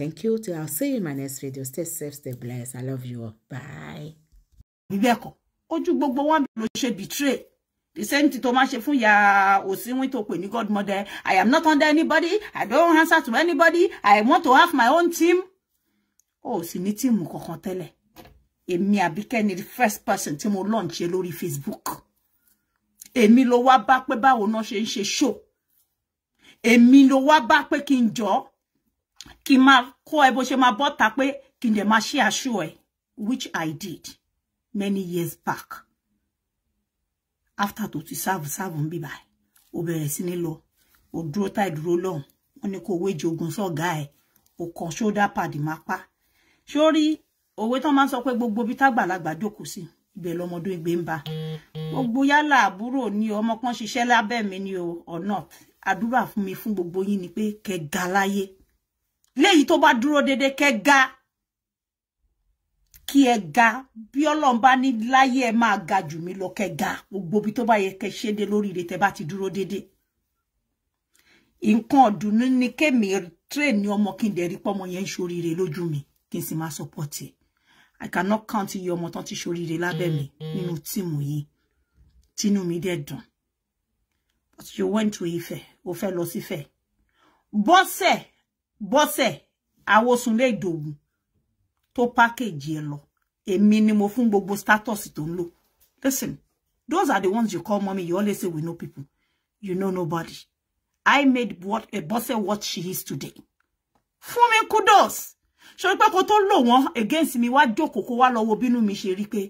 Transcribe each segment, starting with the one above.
Thank you. Till I'll see you in my next video. Stay safe, stay blessed. I love you all. Bye. Bibeko, Oju gbogbo wọn ló ṣe betray. The same thing tó máa ṣe fún ya Òsínwín tó pè ní godmother. I am not under anybody. I don't answer to anybody. I want to have my own team. Oh, sì ní team kankan tele. Emi abike ni the first person tí mo launch lórí Facebook. Emi lo wa bá pé báwo náà ṣe ń show. Emi lo wa bá pé kí n kí n máa kọ́ ẹ bó ṣe máa bọ́ta pé kí n dẹ̀ máa ṣe which I did many years back after tó ti sáàbù sáàbù ń bì báyìí ó bẹ̀rẹ̀ sí ní lọ ó dúró táì dúró lọ́hùn wọ́n ní kó wéjì ogun sọ́gá ẹ̀ ó kan ṣódà pàdé máa pa sórí òwe tán máa ń sọ pé gbogbo ibi tágbàlagbà jókòó sí ibẹ̀ lọmọdún igbe ń ba gbogbo yálà àbúrò ni ọmọ kan ṣiṣẹ́ lábẹ́ mi ni o or not àdúrà fún mi fun gbogbo yín ni pe ke galaye léyìí tó bá dúró dédé kẹ́ ga kí ẹ ga bí Ọlọ́run bá ní láyé ẹ máa ga jù mí lọ kẹ́ ga gbogbo ibi tó bá yẹ kẹ́ ṣe dé lórí ire tẹ́ bá ti dúró dédé nǹkan ọ̀dùnnú ni kémi train ni ọmọ kí n dẹ̀ rí pọ́mọ yẹn ń ṣoríire lójú mi kí n sì máa support ẹ̀ I cannot count iye ọmọ tán ti ṣoríire lábẹ́ mi nínú tíìmù yìí tínú mi dẹ̀ dùn but you went to Ifẹ̀ o fẹ́ lọ sífẹ̀ bọ́sẹ̀ Bọ́sẹ̀ Awósùnlé Ìdòwú tó package ẹ lọ èmi ni mo fún gbogbo status tó ń lò listen those are the ones you call mommy you always say we know people you know nobody I made what a Bọ́sẹ̀ what she is today fún mi kudos sori pé kó tó lò wọ́n against mi wá jókòó kó wá lọ wo bínú mi ṣe rí pé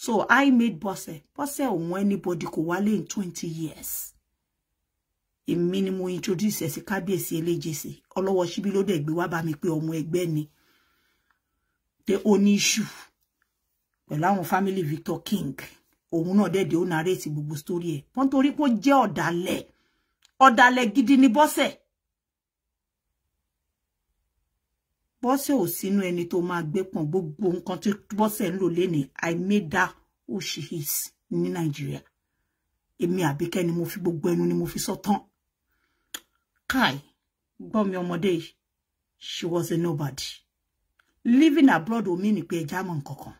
so I made Bọ́sẹ̀ Bọ́sẹ̀ òun anybody kò wálé in twenty years èmi ni mo introduce ẹ sí kábíyèsí eléjèsè ọlọ́wọ́ síbí ló dẹ̀ gbé wá bá mi pé ọmọ ẹgbẹ́ ni pé ó ní iṣu pẹ̀lú àwọn family Victor King òun náà dẹ̀dẹ̀ ó narrate gbogbo story ẹ̀ wọ́n torí pé ó jẹ́ ọ̀dàlẹ̀ ọ̀dàlẹ̀ gidi ni Bọ́sẹ̀ Bọ́sẹ̀ ò sínú ẹni tó máa gbé pọ̀n gbogbo nǹkan tí Bọ́sẹ̀ ń lò lénìí I made that who she is ní Nàìjíríà èmi Àbíkẹ́ ni mo fi gbogbo ẹnu ni mo fi sọ tán kai gbọ́ mi she was a nobody living abroad ò mí ní pé ẹja mọ̀ nkankan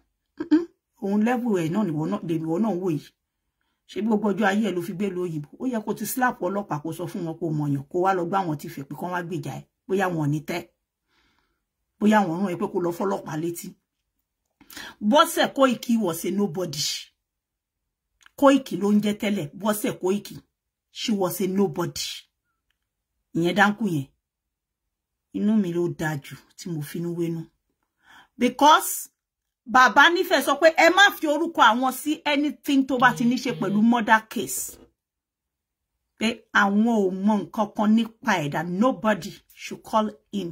òun level ẹ̀ náà nìwọ náà lèmi ìwọ náà wò yìí ṣé bí gbogbo ọjọ́ ayé ẹ̀ ló fi gbé lóyìnbó ó yẹ kó ti slap ọlọ́pàá kó sọ fún wọn kó mọ̀yàn kó wá lọ gbá wọn ti fẹ̀ pé kán wá gbèjà ẹ̀ bóyá wọn ò ní tẹ́ bóyá wọn rán ẹ pé kó lọ fọ́lọ́pàá létí Bọ́sẹ̀ Kóìkì was a nobody Kóìkì ló ń jẹ́ tẹ́lẹ̀ Bọ́sẹ̀ she was a nobody ìyẹn dánkù yẹn inú mi ló dáa jù tí mo fi wénú because bàbá nífẹ̀ẹ́ sọ pé ẹ má fi orúkọ àwọn sí anything tó bá ti ní ṣe pẹ̀lú murder case pé àwọn ò mọ nǹkan kan nípa ẹ̀dá nobody should call him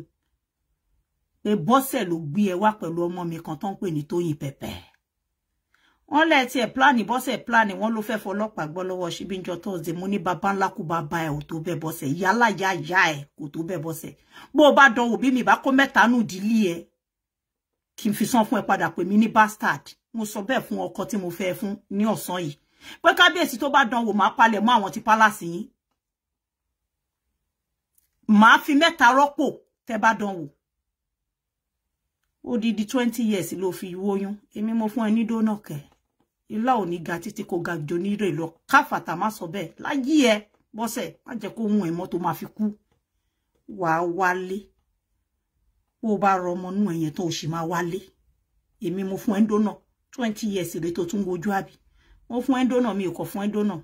pé bọ́sẹ̀ ló gbé ẹ wá pẹ̀lú ọmọ mi kan tó ń pè ní Tóyìn Pẹ̀pẹ̀ wọ́n lẹ tiẹ̀ pláàni bọ́sẹ̀ pláàni wọ́n ló fẹ́ fọlọ́pàá gbọ́ lọ́wọ́ ṣíbíjọ tọọsì mo ní baba ńlá kó bá ba ẹ ò tó bẹ bọ́sẹ̀ yálà ya ya ẹ kò tó bẹ bọ́sẹ̀ bó o bá dán òbí mi bá kó mẹ́ta nù dílé ẹ kí n fi san fún ẹ padà pè mí ní bastard mo sọ bẹ́ẹ̀ fún ọkọ tí mo fẹ́ fún ní ọ̀sán yìí pé kábíyèsí tó bá dán wò máa palẹ̀ mọ́ àwọn ti pálásì yín máa fi mẹ́ta rọ́pò tẹ́ bá dán wò odidi twenty years ló fi wóyún èmi mo fún ẹ ní dónà kẹ́ẹ́ ilá ò ní ga títí kò ga jò ní rè lọ káfàtà má sọ bẹ́ẹ̀ láyé ẹ bọ́sẹ̀ má jẹ́ kó hun ẹ̀mọ́ tó máa fi kú wàá wálé bó o bá rọ ọmọ nú ẹ̀yẹn tó o sì máa wálé èmi mo fún ẹ ń twenty years rèé tó tún gojú àbí mo fún ẹ ń dónà mi ò kọ̀ fún ẹ ń dónà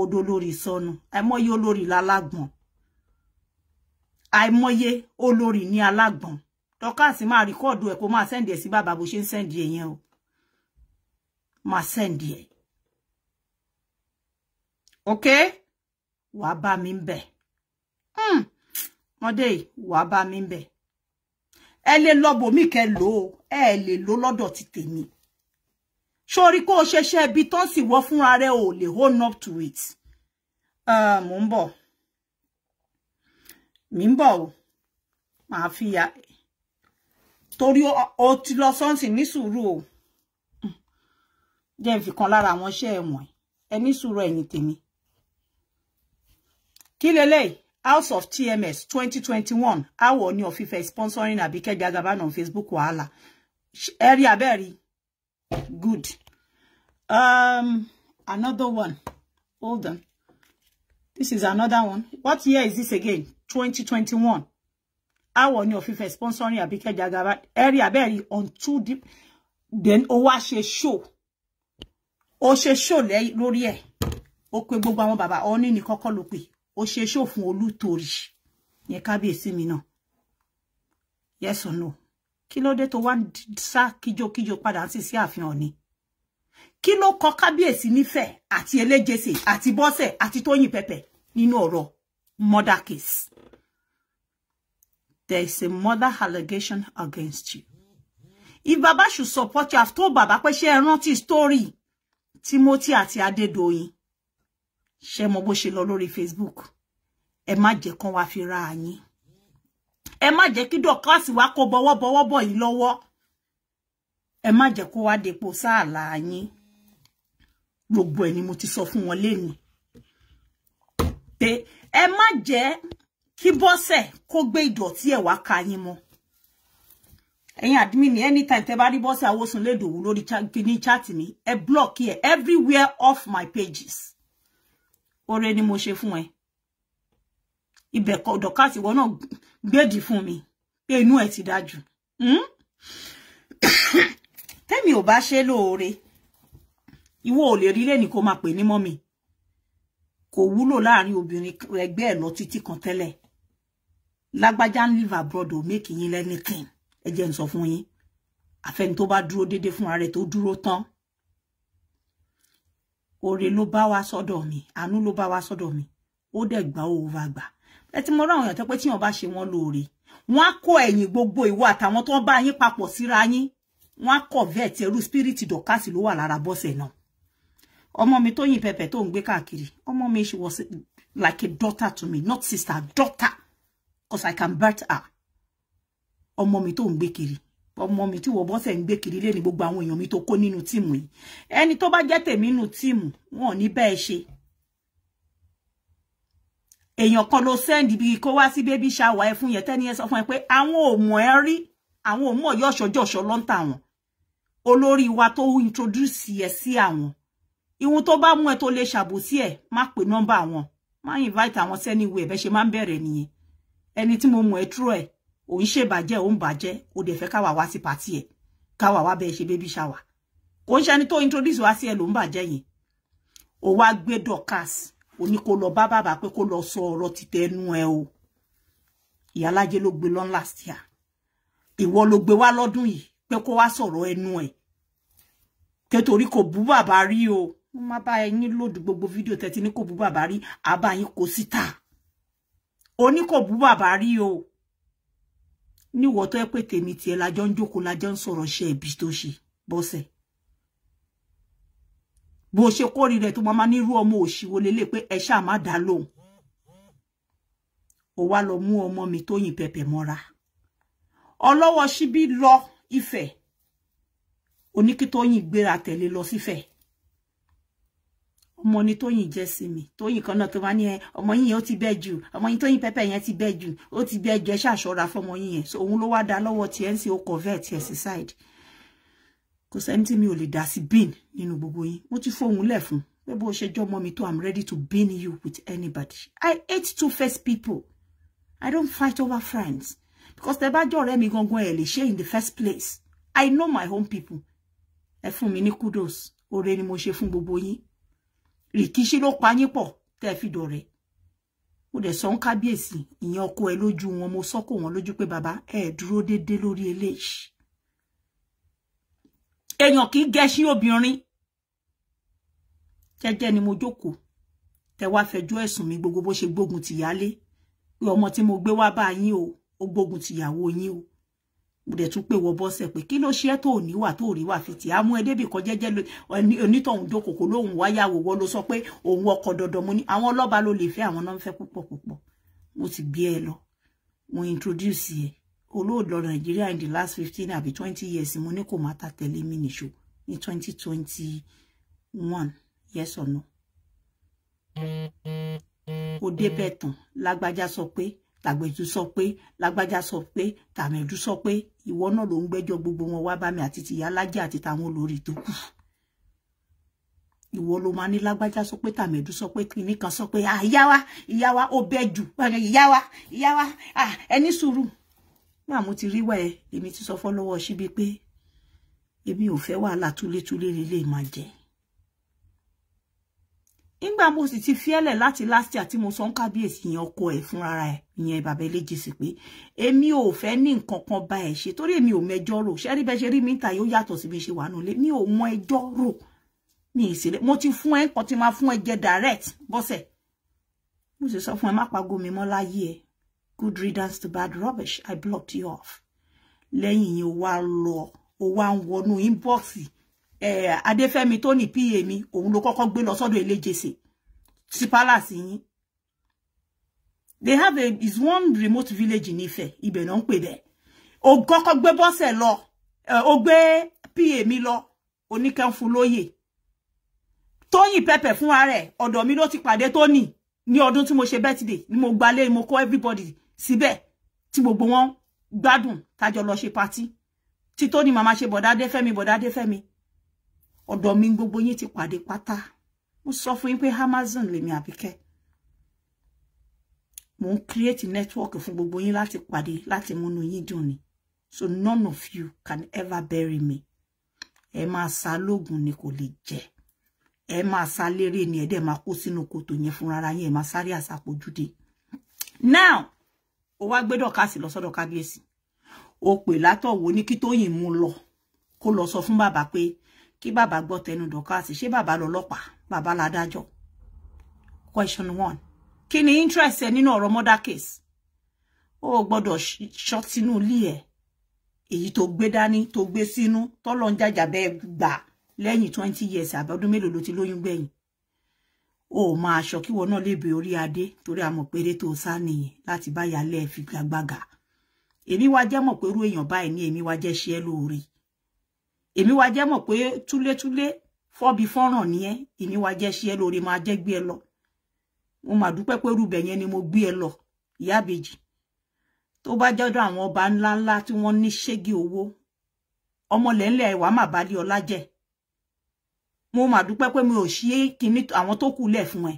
odò lórí sọnù àìmọye olórí lálágbọ̀n àìmọye olórí ní alágbọ̀n dọkà sí máa rìkọ́ọ̀dù ẹ̀ kó máa sẹ́ǹdì ẹ̀ sí bàbá bó ṣe ń sẹ́ǹdì ẹ̀ o máa sẹ́ndì ẹ̀ ok wà á bá mi ń bẹ̀ ọmọdé hmm. yìí wà á bá mi ń bẹ̀ ẹ lè lọ́bọ̀ mí kẹ́ lò ó ẹ lè lò lọ́dọ̀ ti tèmi sórí o le hold up to it mò ń bọ̀ mi ń bọ̀ o màá fi ya torí o ti lọ sọ́nsìn ní sùúrù o jẹ́ n fi kan lára àwọn iṣẹ́ wọ̀nyí ẹ ní sùúrù ẹ̀yin tèmi kí leléyìí House of TMS Twenty 2021 awo ni of Ife sponsoring Abike Jagaban on Facebook wahala eri aberi good um another one hold on this is another one what year is this again Twenty 2021 awo ni of Ife sponsoring Abike Jagaban eri aberi on two deep. then ó wá show ó ṣe ṣó lórí ẹ̀ ó pe gbogbo àwọn bàbá ọ̀ní ní kọ́kọ́ ló pè ó ṣe ṣó fún olútorí yẹn kábíyèsí mi náà yes or no Kilo de to tó wá kijo kijo padà sí sí ààfin ọ̀ní kí ló kọ kábíyèsí nífẹ̀ẹ́ àti elégese àti bọ́sẹ̀ àti tóyìn pẹpẹ nínú ọ̀rọ̀ murder case there is a mother allegation against you if baba should support you i've told baba pé ṣé ẹ rántí story Timothy àti Adédoyin ṣe mọ bó ṣe lọ lórí Facebook ẹ má jẹ́ kán wá fi ra yín ẹ má jẹ́ kí dọkásì wá kó bọwọ́bọwọ́ bọ̀ yín lọ́wọ́ ẹ má jẹ́ kó wá depo sáàlà yín gbogbo ẹ̀ ni mo ti sọ fún wọn lẹ́nu pé ẹ má jẹ́ kí bọ́sẹ̀ kó gbé ìdọ̀tí ẹ̀ wá ka yín mọ́ ẹ̀yin admin mi anytime tẹ́ bá rí Bọ́sẹ̀ Awósùnlédòwú lórí ní chat mi ẹ block ẹ everywhere off my pages oore ni mo ṣe fún ẹ ibẹ̀ kọ dọ̀kátì ìwọ náà gbèdì fún mi pé inú ẹ ti dájú hmm? tẹ́mi ò bá ṣe lóore ìwọ ò lè rí lẹ́ni kó máa pè ní mọ́mi kò wúlò láàrin obìnrin ẹgbẹ́ ẹ̀ lọ títí kan tẹ́lẹ̀ lágbájá ń live abroad ò make yín lẹ́nìkan ẹ jẹ́ n sọ fún yín àfẹ́ni tó bá dúró déédéé fúnra rẹ̀ tó dúró tán oore ló bá wá sọ́dọ̀ mi àánú ló bá wá sọ́dọ̀ mi ó dẹ̀ gbà ó wá gbà ẹ ti mọ ra àwọn èèyàn tó pé tíyàn bá ṣe wọn lóore wọn á kó ẹ̀yìn gbogbo ìwọ àtàwọn tó bá yín papọ̀ síra yín wọn á kọ̀ bẹ́ẹ̀ tí ẹrú spiriti dọ̀kásì ló wà lára bọ́sẹ̀ náà ọmọ mi Tóyìn Pẹpẹ tó ń gbé káàkiri ọmọ mi she was like a daughter to me not sister daughter cause I can birth her ọmọ mi tó ń gbé kiri ọmọ mi tí wọ́n bọ́sẹ̀ ń gbé kiri lé ní gbogbo àwọn èèyàn mi tó kó nínú tíìmù yìí ẹni tó bá jẹ́ tèmi nínú tíìmù wọn ò ní bẹ́ẹ̀ ṣe èèyàn kan ló sẹ́ndì bíi kó wá sí bébí ṣàwà ẹ fún yẹn tẹ́ni ẹ sọ fún ẹ pé àwọn ò mọ̀ ẹ́ rí àwọn ò mọ̀ yọ ṣọjọ́ṣọ́ lọ́ńtà wọn olórí wa tó introduce ẹ sí àwọn ìhun tó bá mú ẹ tó lè ṣàbòsí ẹ má pè nọ́mbà wọn má invite àwọn sẹ́niwé ẹ̀ bẹ́ ṣe má ń bẹ̀rẹ̀ nìyẹn ẹni tí mo mọ̀ ẹ́ trú ẹ̀ ò baje, ṣèbàjẹ́ ò ń bàjẹ́ ó dẹ̀ fẹ́ káwa wá sí pàtí ẹ̀ káwa wá bẹ́ẹ̀ ṣe bébí ṣàwà kò ń ṣẹni tó introduce wá sí ẹ ló ń bàjẹ́ yẹn ò wá gbé Dorkas ò ní kó lọ bá bàbá pé kó lọ sọ ọ̀rọ̀ títẹ ẹnu ẹ o ìyálájẹ ló gbé lọ́n last year ìwọ ló gbé wá lọ́dún yìí pé kó wá sọ̀rọ̀ ẹnu ẹ̀ kẹtorí kò bú bàbá rí o wọ́n má bá ẹyin lòdù gbogbo fídíò tẹ́tí ní kò bú bàbá rí àbá yín kò síta ó ní kò bú bàbá rí o níwọ tó ẹ pé la tiẹ̀ lájọ ń jókòó lájọ ń sọ̀rọ̀ ṣe ẹbí tó ṣe bọ́sẹ̀ bó ṣe kórìí rẹ tó máa máa nírú ọmọ òṣìwò lélẹ̀ pé ẹ ṣáà má dá lóhùn ó wá lọ mú ọmọ mi tó yìn pẹpẹ mọ́ra ọlọ́wọ́ ṣíbí lọ Ifẹ̀ oníkí tó yìn gbéra tẹ̀lé lọ sífẹ̀ ọmọ ni tóyìn jẹ́ sí mi tóyìn kan náà tó bá ní ẹ ọmọ yín yẹn ó ti bẹ́ jù ọmọ yín tóyìn pẹ́pẹ́ yẹn ti bẹ́ jù ó ti bẹ́ jù ẹ ṣàṣọra fọmọ yín yẹn so òun ló wá da lọ́wọ́ tiẹ̀ ń sí ó convert ẹ̀ sí side kò sẹ́ni tí mi ò lè dá sí bin nínú gbogbo yín mo ti fóun lẹ̀ fún pé bó ṣe jọmọ mi tó I'm ready to bin you with anybody I hate two-faced people I don't fight over friends because tẹ bá jọ ọ̀rẹ́ mi gangan ẹ lè ṣe in the first place I know my own people ẹ fún mi ní kudos oore ni mo ṣe fún gbogbo yín rìkíṣí ló pa yín pọ̀ tẹ́ fi dọ̀rẹ́ ó dẹ̀ sọ ń kábíyèsí ìyẹn ọkọ ẹ lójú wọn mo sọ kò wọn lójú pé bàbá ẹ dúró déédéé lórí eléyìí èèyàn kì í gẹṣí obìnrin jẹ́jẹ́ ni mo jókòó tẹ́ wá fẹjọ́ ẹ̀sùn mi gbogbo bó ṣe gbógun tìyálé pé ọmọ tí mo gbé wá bá yín o ó gbógun tìyàwó yín o mo dẹ̀ tún pè wọ bọ́sẹ̀ pé kí ló ṣe é tó ò níwà tó ò rí wà fìtì àmú ẹdẹ́bì kan jẹ́jẹ́ onítọ̀hún dókòkò lóhùn wáyà wòwọ́ ló sọ pé òun ọkọ̀ dandan mo ní àwọn ọlọ́ba ló lè fẹ́ àwọn náà ń fẹ́ púpọ̀ púpọ̀ mo ti gbé ẹ lọ mo introduce ẹ olóòlọ Nàìjíríà in the last fifteen àbí twenty years mo ní kò má ta tẹ̀lé mi nìṣó ní twenty twenty one yes or no ó débẹ̀ tán lágbájá sọ pé tàgbẹ̀jù sọ pé lágbájá sọ pé tàmẹ̀dù sọ pé ìwọ náà ló ń gbẹ́jọ́ gbogbo wọn wá bá mi àti tìyá lájẹ àti tàwọn olórí tó kù ìwọ ló máa ní lágbájá sọ pé tàmẹ̀dù sọ pé kìnní kan sọ pé à ah, ìyá wa ìyá wa ó bẹ jù ìyá wa ìyá wa à ah, ẹni sùúrù máa mo ti rí wá ẹ èmi ti sọ fọlọwọ síbi pé èmi ò fẹ́ wàhálà túlétúlé lélẹ máa jẹ nígbà mo sì ti fiẹ́lẹ̀ láti last tí mo sọ ń kábíyèsí yẹn ọkọ ẹ̀ fúnra ẹ̀ ìyẹn bàbá Ẹlẹ́jìṣì pé èmi ò fẹ́ ní nǹkan kan bá ẹ̀ ṣe torí èmi ò mẹjọ́ rò ṣẹ́rí bẹ́ẹ̀ ṣe rí mi yóò yàtọ̀ síbi ṣe wà nulẹ̀ mi ò mọ ẹjọ́ rò ní ìṣẹ̀lẹ̀ mo ti fún ẹ nǹkan tí máa fún ẹ jẹ direct bọ́sẹ̀ mo sì sọ fún ẹ má pagó mi mọ́ láyé ẹ good riddance to bad rubbish I blocked you off lẹ́yìn yẹn o wá lọ o wá ń wọnú inbox eh, Adéfẹ́mi tó ní PA mi òun ló kọ́kọ́ gbé lọ sọ́dọ̀ elejese sí palace yín they have a is one remote village in Ifẹ̀ ibẹ̀ náà ń pè bẹ́ẹ̀ ó kọ́kọ́ gbé bọ́sẹ̀ lọ eh, ó gbé PA mi lọ oníkan fún lóyè Tóyìn Pẹ́pẹ́ fún ara ẹ̀ ọ̀dọ̀ mi ló ti pàdé Tóní ní ọdún tí mo ṣe birthday ni mo gbalé mo kó everybody síbẹ̀ tí gbogbo wọn gbádùn tá jọ lọ ṣe party tí Tóní màmá ṣe bọ̀dá Adéfẹ́mi bọ̀dá Adéfẹ́mi ọ̀dọ̀ mi gbogbo yín ti pàdé pátá mo sọ fún yín pé Amazon lèmi Àbíkẹ́ mo ń create network fún gbogbo yín láti pàdé láti múnú yín dùn ni so none of you can ever bury me ẹ máa sá lóògùn ni kò lè jẹ ẹ máa sá lérè ni ẹ dẹ máa kó sínú kòtò yẹn fúnra yín ẹ máa sáré àsàpọ̀júdé now ó wá gbé dọ̀kásì lọ sọ́dọ̀ kábíyèsí ó pè látọ̀wọ́ ní kí Tóyìn mú lọ kó lọ sọ fún bàbá pé kí bàbá gbọ́ tẹnu Dorkas ṣé bàbá lọ́lọ́pàá bàbá ládájọ́ question one kí ni interest ẹ nínú ọ̀rọ̀ murder case ó gbọ́dọ̀ ṣọ́ sínú ilé ẹ̀ èyí tó gbé dání tó gbé sínú tọ́lọ́ ń jàjà bẹ́ẹ̀ gbà lẹ́yìn twenty years àbọ̀dún mélòó ló ti lóyún gbẹ̀yìn ó máa aṣọ kíwọ náà lè bè orí adé torí a mọ̀ péré tó sá nìyẹn láti bá yálẹ̀ fi gbàgbàgà èmi wá jẹ́ mọ̀ pé irú èèyàn báyìí ní èmi wá jẹ́ ṣe é lóore Emi wá jẹ́ mọ̀ pé túlétúlé fọ́bi fọ́nrán ni ẹ́ èmi wá jẹ́ ṣe ẹ lóore máa jẹ́ gbé ẹ lọ mo mà dúpẹ́ pé rúbẹ̀ yẹn ni mo gbé ẹ lọ ìyá àbèjì tó bá jọ́dọ̀ àwọn ọba ńláńlá tí wọ́n ní ṣégi owó ọmọlẹ́ńlẹ̀ ìwà mà bá lé ọlá jẹ́ mo mà dúpẹ́ pé mi ò ṣe kinní àwọn tó kù lẹ̀ fún ẹ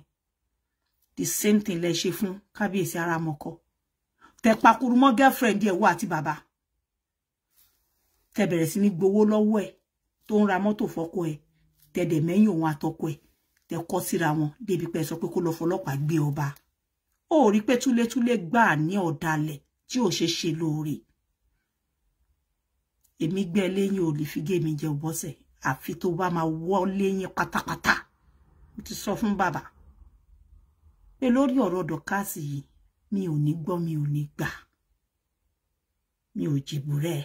the same thing lẹ fun kabi kábíyèsí ara mọ̀kọ tẹ pakuru mọ́ girlfriend ẹ̀ wọ àti bàbá tẹ bẹ̀rẹ̀ sí ní gbowó lọ́wọ́ ẹ̀ tó ń ra mọ́tò fọ́kọ ẹ̀ tẹ dẹ̀ mẹ́yìn òun àtọkọ ẹ̀ tẹ kọ́ síra wọn débi pé sọ pé kó lọ fọlọ́pàá gbé ọba ó rí pé túlétúlé gbà ní ọ̀dàlẹ̀ tí ò ṣe ṣe lóore èmi gbẹ́ lẹ́yìn ò lè fi gé mi jẹ òbọ́sẹ̀ àfi tó bá máa wọ́ lẹ́yìn pátápátá mo ti sọ fún bàbá pé lórí ọ̀rọ̀ dọ̀kásì yìí mi ò ní gbọ́ mi ò ní gbà mi ò jìbù rẹ̀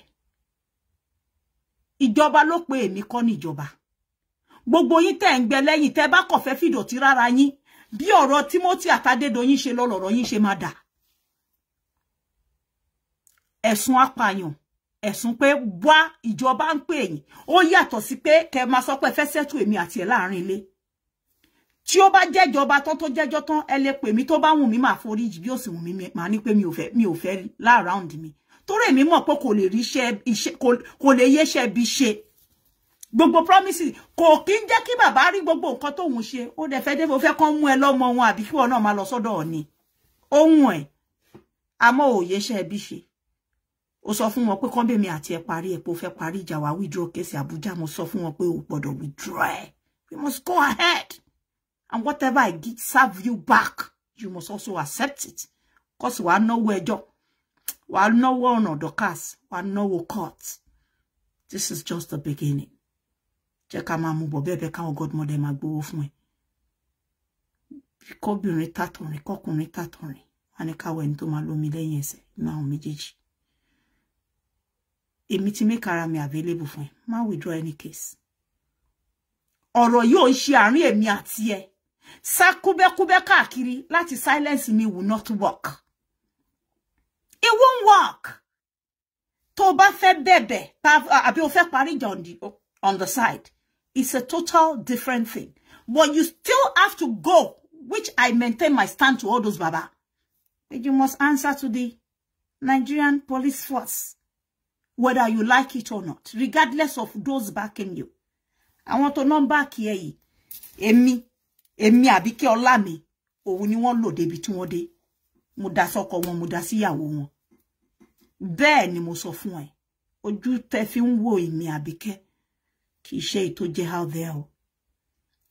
ìjọba ló pe èmi kọ́ níjọba gbogbo yín tẹ́ ń gbẹ lẹ́yìn tẹ́ bá kọ̀ fẹ́ fìdọ̀tí rárá yín bí ọ̀rọ̀ Timothy àtàdédoyin ṣe lọ lọ̀rọ̀ yín ṣe máa dà ẹ̀sùn apààyàn ẹ̀sùn pé wá ìjọba ń pè yín ó yàtọ̀ sí pé kẹ́ máa sọ pé fẹ́ sẹ́tù èmi àti ẹ̀ láàrin ilé tí ó bá jẹ́jọba tán tó jẹ́jọ́ tán ẹ lè pè mí tó bá wù mí máa foríjì bí ó wù mí máa ní pé mi ò fẹ́ láàráùndì mi torí èmi mọ̀ pé kò lè rí iṣẹ́ iṣẹ́ kò lè yé iṣẹ́ bí ṣe gbogbo promises kò kí ń jẹ́ kí bàbá rí gbogbo nǹkan tóun ṣe ó dẹ̀ fẹ́ dé mo fẹ́ kán mú ẹ lọ́mọ wọn àbí kí wọn náà máa lọ sọ́dọ̀ ọ̀ni ohun ẹ̀ àmọ́ òye iṣẹ́ bí ṣe ó sọ fún wọn pé kán bèmi àti ẹ parí ẹ pé ó fẹ́ parí ìjà wa withdraw case Abuja mo sọ fún wọn pé ó gbọ́dọ̀ withdraw we must go ahead and whatever I give serve you back you must also accept it cause wàá no ẹjọ́ While no wàá náwó ọ̀nà Dorcas wàá náwó court this is just the beginning jẹ́ ká máa mú bọ̀ bẹ́ẹ̀ bẹ́ẹ̀ káwọn godmother máa gbowó fún ẹ kọ́bìnrin tàtọ̀rìn kọ́kùnrin tàtọ̀rìn wọ́n ní káwọ ẹni tó máa lómi lẹ́yìn ẹsẹ̀ nínú àwọn méjèèjì èmi ti make ara mi available fún ẹ má withdraw any case ọ̀rọ̀ yóò ń ṣe àárín èmi àti ẹ sá kúbẹ́kúbẹ́ káàkiri láti silence mi will not work they won't work To bá fẹ́ bẹ̀bẹ̀ àbí o fẹ́ parí ìjà on the side it's a total different thing but you still have to go which I maintain my stand to all those baba But you must answer to the Nigerian police force whether you like it or not regardless of those backing you I want nọ́mbà kí ẹ yìí èmi èmi àbí kí ọlá mi òun ni wọ́n lò débi tí wọ́n dé mo dá sọ́kọ wọn mo dá síyàwó wọn bẹ́ẹ̀ ni mo sọ fún ẹ ojú tẹ fi ń wo ìmì àbíkẹ́ kì í ṣe ètò jẹ́ how there o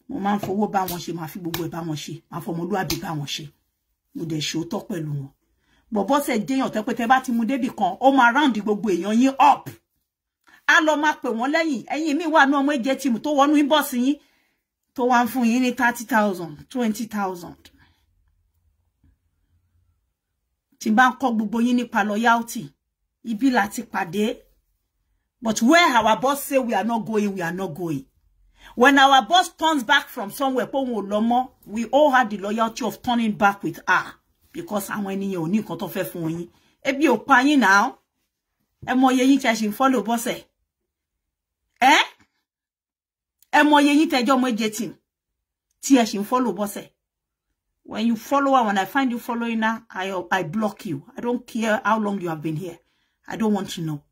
mo máa ń fowó bá wọn ṣe máa fi gbogbo ẹ̀ bá wọn ṣe máa fọmọlúàbí bá wọn ṣe mo dẹ̀ ṣòótọ́ pẹ̀lú wọn bọ̀bọ́sẹ̀ déyàn tẹ́ pé bá ti mú débì kan ó máa ráǹdì gbogbo èèyàn yín up a lọ máa pè wọ́n lẹ́yìn ẹ̀yin mi wà ní ọmọ ẹ̀jẹ̀ tìmù tó wọnú inbox yín tó wá ń fún yín ní thirty thousand twenty thousand tí bá ń kọ́ gbogbo yín nípa lọ́yàltì ibi láti pàdé but where our boss say we are not going we are not going when our boss turns back from somewhere pé òun ò lọ we all had the loyalty of turning back with her because àwọn ènìyàn ò ní nǹkan tó fẹ́ fún yín ebi ò pa yín now e mo iye yín tẹ́ ṣe follow boss e. eh E mo iye yín tẹ́ jọ mọ́ ejetin tí ẹ ṣe follow boss e. when you follow her when i find you following her i i block you i don't care how long you have been here I don't want to know.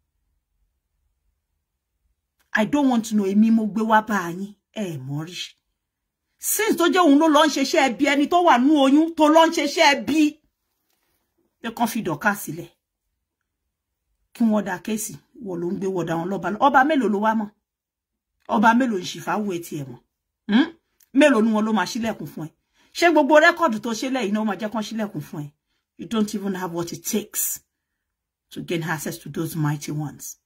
I don't want to know èmi mo gbé wá bá yín ẹ mọ̀ rí. Since tó jẹ́ òun ló lọ ń ṣeṣẹ́ ẹbí ẹni tó wà nú oyún tó lọ ń ṣeṣẹ́ ẹbí. Pé kàn fi dọ̀ka sílẹ̀. Kí wọ́n da kéèsì wọ̀ ló ń gbé wọ̀dà wọn lọ́ba lọ. lo mélòó ló wá mọ̀? Ọba mélòó ń ṣìfà wú etí ẹ̀ mọ̀? Hmm? Mélòó ni wọn ló máa ṣílẹ̀kùn fún ẹ? Ṣé gbogbo rẹ́kọ̀dù tó ṣe lẹ́yìn náà ó máa jẹ́ kán ṣílẹ̀kùn fún ẹ? You don't even have what it takes to gain access to those mighty ones.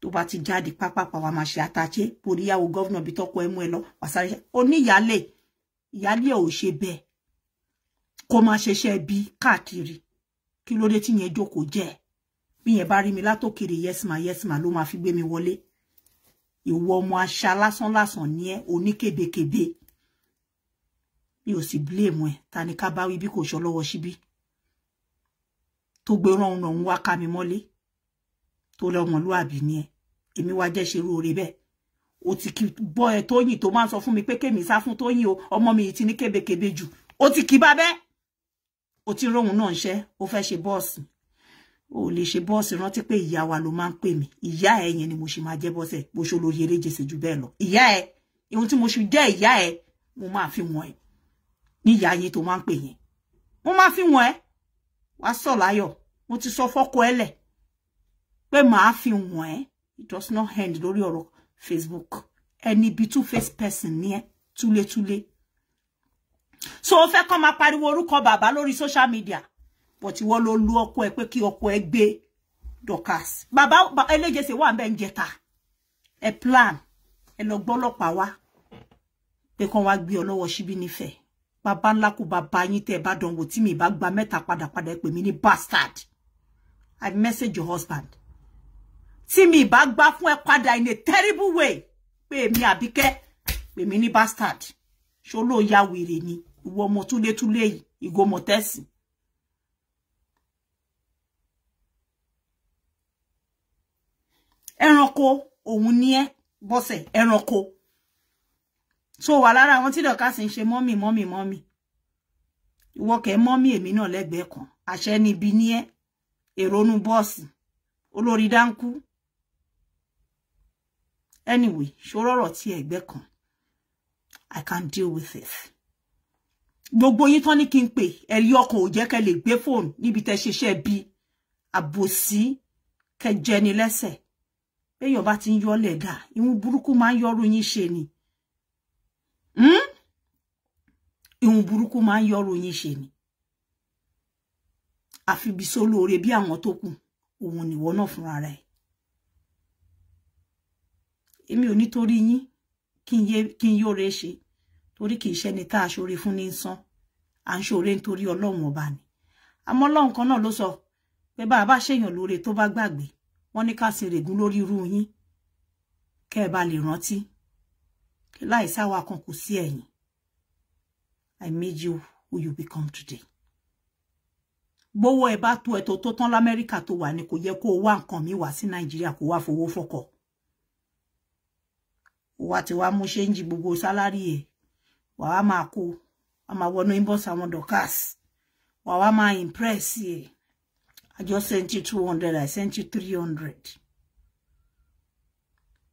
To bá ti jáde pápápá wa máa ṣe àtàché, boríyàwó gọ́vnà bí tọ́kọ ẹ mú ẹ yale. wàsáré ṣe. Ó ní ìyálé, ìyálé ò ṣe bẹ́ẹ̀. Kó máa ṣeṣẹ́ bí káàkiri. Kí ló dé tí yẹn jókòó jẹ́? Bí yẹn bá mi látòkèrè yẹ́sìmá yẹ́sìmá ló máa fi gbé mi wọlé. Ìwọ ọmọ aṣa lásán blame we. ta ni ká ko sholo bí kò tó gbé rọrùn ọ̀hún wá ká mi mọ́lé tó lọ́mọlúàbí ni ẹ èmi wá jẹ́ ṣerú oore bẹ́ẹ̀ o ti kì bọ́ ẹ Tóyìn tó máa ń sọ fún mi pé kémi sá fún Tóyìn o ọmọ mi yìí ti ní kébékébé jù o ti kì bá bẹ́ẹ̀ o ti róhun náà ṣẹ́ o fẹ́ ṣe bọ́ọ̀sì o lè ṣe bọ́ọ̀sì rántí pé ìyá wa ló máa ń pè mí ìyá ẹ yẹn ni mo ṣe máa jẹ́ bọ́sẹ̀ bó ṣe olórí eréje ṣe jù bẹ́ẹ̀ lọ ìyá ẹ ohun tí mo ṣe jẹ́ ìyá ẹ mo máa fi wọ̀n ẹ ní ìyá yín tó máa ń pè yẹn mo máa fi wọ̀n ẹ wàá sọ láyọ̀ mo ti sọ fọ́kọ ẹlẹ̀ pé màá fi wọ̀n ẹ́ it does not end lórí ọ̀rọ̀ Facebook ẹni bí two face person ni tule túlétúlé so o fẹ́ kọ́ máa pariwo orúkọ bàbá lori social media but ìwọ ló lu ọkọ ẹ pé kí ọkọ ẹ gbé Dorkas bàbá eléjèsè se ń bẹ ń jẹta plan ẹ lọ gbọ́ ọlọ́pàá wá pé kán wá gbé ọ lọ́wọ́ síbí bàbá ńlá kò bàbá yín tẹ́ bá dánwò tí mi bá gba mẹ́ta padà padà ẹ pè mí bastard i message your husband tí mi bá gbà fún ẹ padà in a terrible way pé èmi Àbíkẹ́ pè mí ní bastard ṣó ló ya wèrè ni ìwọ ọmọ túlétúlé yìí ìgò mọ̀tẹ́sì. ẹranko òun ni ẹ bọ́sẹ̀ ẹranko so wà lára àwọn tí dọ̀ka sì ń ṣe mọ́mì mọ́mì mọ́mì ìwọ kẹ́ mọ́mì èmi náà lẹ́gbẹ̀ẹ́ kan àṣẹ níbi ní ẹ́ èrònú bọ́ọ̀sì olórí dáńkú anyway ṣòro ọ̀rọ̀ tí ẹ̀gbẹ́ kan i can't deal with this gbogbo yín tán ní kí n pè ẹ̀rí ọkọ̀ ò jẹ́ kẹ́ lè gbé fóònù níbi tẹ́ ṣeṣẹ́ bí àbòsí kẹjẹni lẹ́sẹ̀ béèyàn bá ti ń yọ lẹ̀dà ìwọ̀n burúkú máa ń yọrù yín ṣe ni. ihun burúkú máa ń yọrọ yín ṣe ni àfi bí sólóore bí àwọn tó kù òun nìwọ náà fúnra rẹ èmi ò nítorí yín kí n yóre ṣe torí kì í ṣẹni tá a ṣoore fún ní sán à ń ṣoore nítorí ọlọ́run ọba ni àmọ́ ọlọ́run kan náà ló sọ pé bá a bá ṣèyàn lóore tó bá gbàgbé wọ́n ní ká ṣe règún lórí irú yín kẹ́ ẹ bá lè rántí láì sáwa kan kò sí ẹ̀yìn I made you who you become today. Gbówó ẹ tu eto ẹ tó tó tán l'Amẹ́ríkà tó ko ní kò yẹ kó wá nǹkan mi wá sí Nàìjíríà kó wá fowó fọ́kọ. Wá ti wá mú ṣéńjì gbogbo sálárì ẹ̀. Wà wá máa kó. Wà máa wọnú inbox àwọn Dorcas. Wà wá máa impress ẹ̀. I just sent you 200. I sent you 300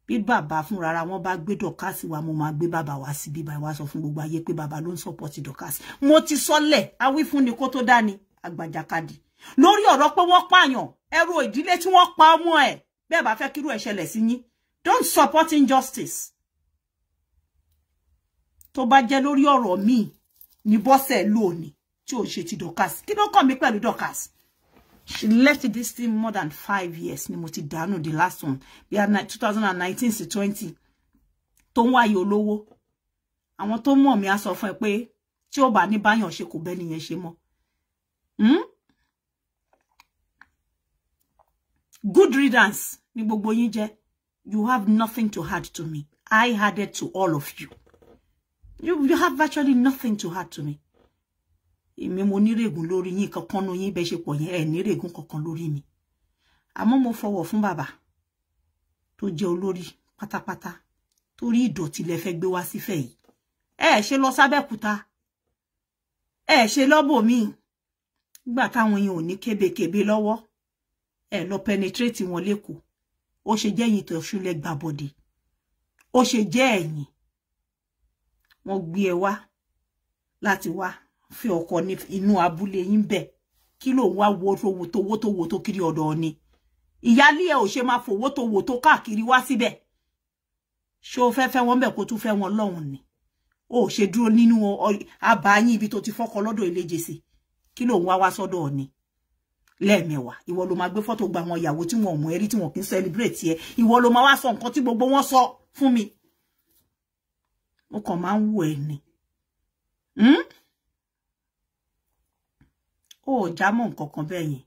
bí bàbá fúnra ara wọn bá gbé dọkásì wa mo máa gbé bàbá wa sí bíbá wa sọ fún gbogbo ayé pé bàbá ló ń sọpọtì dọkásì mo ti sọlẹ awífúnni kó tó dání àgbàjàkadì lórí ọ̀rọ̀ pé wọ́n pààyàn ẹrù ìdílé tí wọ́n pa ọmọ ẹ̀ bẹ́ẹ̀ bá fẹ́ kírú ẹ̀ ṣẹlẹ̀ sí yín don't support injustice tó bá jẹ́ lórí ọ̀rọ̀ míì ní bọ́sẹ̀ lónìí tí ò ń ṣe ti dọkásì kí ló kàn mí pẹ̀lú dọkásì she left this team more than five years ni mo ti dànù the last one we i 2019 to 20. nineteen sí twenty tó ń wáyé olówó àwọn tó mọ̀ mí á sọ fún ẹ pé tí ó bá ní báyàn ṣe kò hmm? good riddance ni gbogbo yín jẹ́ you have nothing to add to me I added to all of you you, you have virtually nothing to add to me èmi mo nírègùn lórí yín kankan nu yín bẹ́ẹ̀ ṣe pọ̀ yẹn ẹ̀ nírègùn kankan lórí mi àmọ́ mo fọwọ́ fún bàbá tó jẹ́ olórí pátápátá torí ìdọ̀tí lẹ fẹ́ gbé wá sífẹ̀ yìí ẹ ṣe lọ sábẹ́kúta ẹ ṣe lọ́bòmíì nígbà táwọn èèyàn ò ní kébékébé lọ́wọ́ ẹ lọ penetrate wọn lẹ́kọ̀ọ́ ó ṣe jẹ́ ẹ̀yìn tó ṣúlẹ̀ gbàbọ̀dé ó ṣe jẹ́ ẹ̀yìn wọ́n gbé ẹ wá láti wá fi ọkọ ní inú abúlé yín bẹ̀ kí ló ń wá wo owó tó owó tó wo tó kiri ọ̀dọ̀ ni ìyálé ẹ̀ ò ṣe máa fowó tó wo tó káàkiri wá síbẹ̀ ṣé o fẹ́ fẹ́ wọn bẹ̀ kó tún fẹ́ wọn lọ́hùn ni o ò ṣe dúró nínú abàáyín ibi tó ti fọ́kọ lọ́dọ̀ ìlejè sí kí ló ń wá wá sọ́dọ̀ ni lẹ́ẹ̀mẹwàá ìwọ ló máa gbé fọ́tò gba àwọn ìyàwó tí wọn ò ẹrí tí wọn kì í sẹlẹbírẹ̀tì ẹ ìwọ ló máa wá sọ nǹkan tí gbogbo wọn sọ fún mi mo kàn máa ń wò ẹ ni. Hmm? ó já mọ́ nǹkan kan bẹ́ẹ̀ yẹn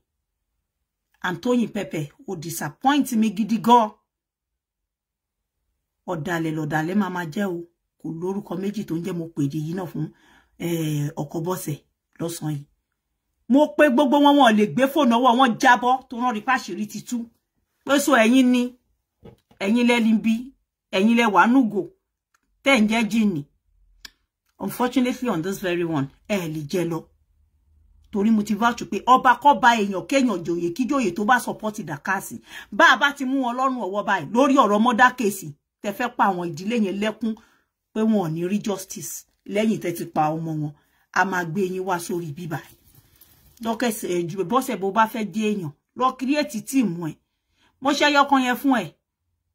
Antoyin Pẹpẹ ó disappoint mi gidi gan ọ̀dàlẹ̀ lọ̀dàlẹ̀ máa ma jẹ́ o kò lórúkọ méjì tó ń jẹ́ mo pèdè yìí náà fún eh, ọkọ̀ bọ́sẹ̀ lọ́sàn-án yìí mo pé gbogbo wọn wọn lè gbé fóònù ọwọ́ wọn jábọ́ tó rán rí páṣírí ti tú so ẹ̀yin ni ẹ̀yin lẹ́ni bí ẹ̀yin lẹ wà núgò tẹ́ ń unfortunately on this very one ẹ̀ lè jẹ lọ torí mo ti vouch pé ọba kọba èèyàn kéèyàn jòyè kíjòyè tó bá ba dàkásì bá a bá ti mú wọn lọ́rùn ọwọ́ báyìí lórí ọ̀rọ̀ mọ́dá kèsì tẹ pa àwọn ìdílé yẹn lẹ́kún pé wọn ò ní justice lẹ́yìn tẹ ti pa ọmọ wọn a máa gbé yín wá sórí bíbá lọ́kẹ̀sẹ̀ eh, ju bọ́sẹ̀ bó bá fẹ́ dé èèyàn lọ kírètì tíìmù ẹ̀ mo ṣe ẹyọkan yẹn fún ẹ̀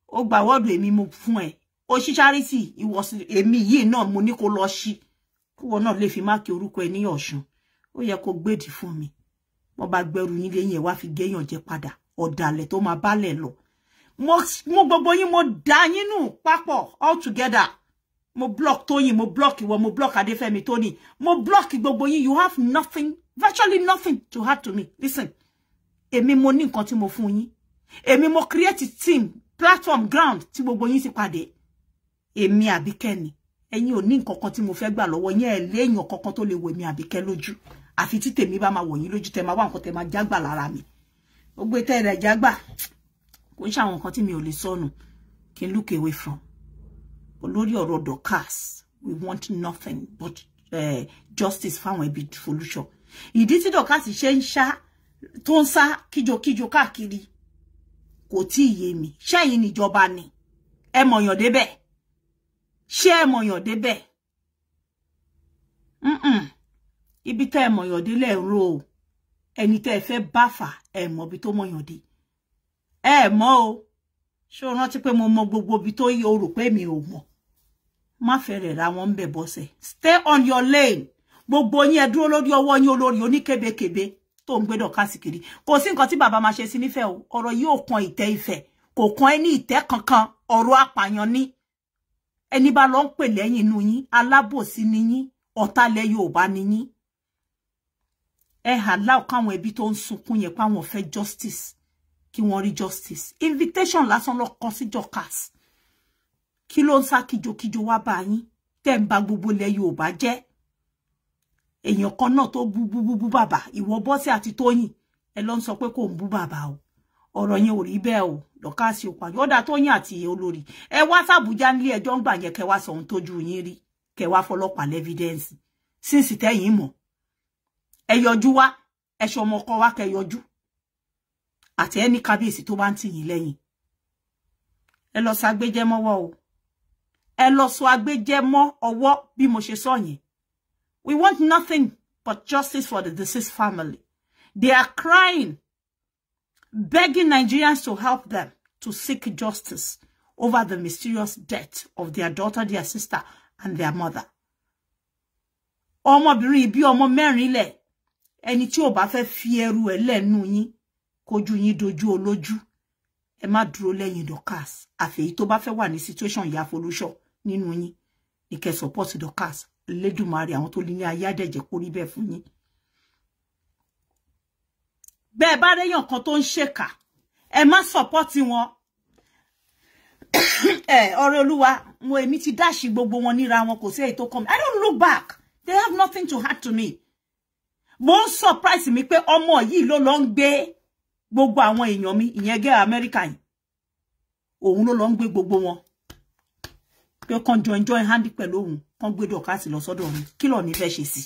ó gbà wọ́ọ̀dù èmi mo fún ẹ̀ ó ṣí charity ìwọ̀sìn èmi yìí náà mo ní kó lọ ṣí kúwọ náà lè fi máàkì orúkọ ẹ ní ọ̀ṣun ó yẹ kó gbèdì fún mi wọ́n bá gbẹ́rù nílé yẹn wá fi géèyàn jẹ padà ọ̀dàlẹ̀ tó máa bálẹ̀ lọ mo gbogbo yín mo dá yín nù papọ̀ all together mo block Tóyìn mo block ìwọ mo block Adéfẹ́mi Tóní mo block gbogbo yín you have nothing virtually nothing to add to me listen èmi mo ní nǹkan tí mo fún yín èmi mo create team platform ground tí gbogbo yín ti pàdé èmi Àbíkẹ́ ni ẹ̀yin ò ní nǹkan kan tí mo fẹ́ gbà lọ́wọ́ yín ẹ̀ léèyàn kankan tó lè wo èmi Àbíkẹ́ lójú àfi tí tèmi bá máa wò yín lójú tẹ máa wá nǹkan tẹ máa jágbà lára mi gbogbo ètò ẹ̀rẹ̀ jágbà kò ń ṣàwọn nǹkan tí mi ò lè sọnù kí n look away from olórí ọ̀rọ̀ Dorkas we want nothing but uh, justice fáwọn ẹbí Folúṣọ ìdí tí Dorkas ṣe ń ṣá tó ń sá kíjokíjo káàkiri kò tí ì yé mi ṣẹ́yìn níjọba ni ẹ mọ̀yàn débẹ̀ ṣé ẹ mọ̀yàn débẹ̀. Mm-mm ibi tẹ́ ẹ mọ̀yàn dé lẹ́ẹ̀rọ o ẹni tẹ́ ẹ fẹ́ bá fà ẹ mọ̀ ibi tó mọ̀yàn dé ẹ mọ̀ o ṣé o rántí pé mo mọ gbogbo ibi tó yẹ o rò pé mi ò mọ̀ má fẹ́rẹ̀ ra wọn ń bẹ̀ bọ́sẹ̀ stay on your lane gbogbo yín ẹ dúró lórí ọwọ́ yín olórí oníkébékébé tó ń gbédọ̀ kásìkiri kò sí nǹkan tí bàbá máa ṣe sí nífẹ̀ẹ́ o ọ̀rọ̀ yìí ò kan ìtẹ́ ìfẹ́ kò kan ẹni ìtẹ́ kankan ọ̀rọ̀ apààyàn ni ẹni bá lọ ń pè lẹ́yìn inú yín alábòsí ni yín ọ̀tá lẹ Yorùbá ni yín ẹ allow káwọn ẹbí tó ń sunkún yẹn pa wọn fẹ́ justice kí wọ́n rí justice invitation lásán ló kọ sí jokers kí ló ń sá kíjokíjo wá bá yín tẹ́ ń ba gbogbo ilẹ̀ Yorùbá jẹ́ èèyàn kan náà tó bú bú bú bú bàbá ìwọ Bọ́sì àti Tóyìn ẹ ló ń sọ pé kò ń bú bàbá o ọ̀rọ̀ yẹn ò rí bẹ́ẹ̀ o lọ́kàsí òpá yọ́dà Tóyìn àti olórí ẹ wá sàbújá nílé ẹjọ́ ń gbà yẹn kẹwàá sọ ohun tójú yín rí kẹwàá fọlọ́pàá lẹ́fídẹ́ǹsì sínsì tẹ́yìn ẹ yọjú wá ẹ ṣọmọ ọkọ wa kẹ yọjú àti ẹni kábíyèsí tó bá ń tì yín lẹ́yìn ẹ lọ sọ agbẹjẹ mọ́wọ́ o ẹ lọ sọ agbẹjẹ mọ́ ọwọ́ bí mo ṣe sọ yẹn we want nothing but justice for the deceased family they are crying begging Nigerians to help them to seek justice over the mysterious death of their daughter, their sister, and their mother. Omo Ọmọbìnrin bi omo mẹ́rin le ẹni tí ò bá fẹ́ fi ẹrù ẹ̀ lẹ́nu yín kojú yín dojú olójú ẹ má dúró lẹ́yìn Dorcas àfẹ̀yí tó bá fẹ́ wà ní situation ìyá Folúṣọ̀ nínú yín ní kẹ́ support Dorcas Elédùmarè àwọn tó lè ní ayé àdẹ̀jẹ̀ kó rí bẹ́ẹ̀ fún yín. bẹ́ẹ̀ bá réyàn kan tó ń ṣèkà ẹ má support wọn eh, ọ̀rẹ́ olúwa mo èmi ti dáṣì gbogbo wọn níra wọn kò sí èyí tó kàn mí I don't look back they have nothing to add to me mo ń surprise mi pé ọmọ yìí ló lọ ń gbé gbogbo àwọn èèyàn mi ìyẹn gẹ́ amẹ́ríkà yìí òun ló lọ ń gbé gbogbo wọn pé kan join join hand pẹ̀lú òun kan gbé dọ̀kásì lọ sọ́dọ̀ òun kí lọ́ọ̀ ní fẹ́ ṣe sí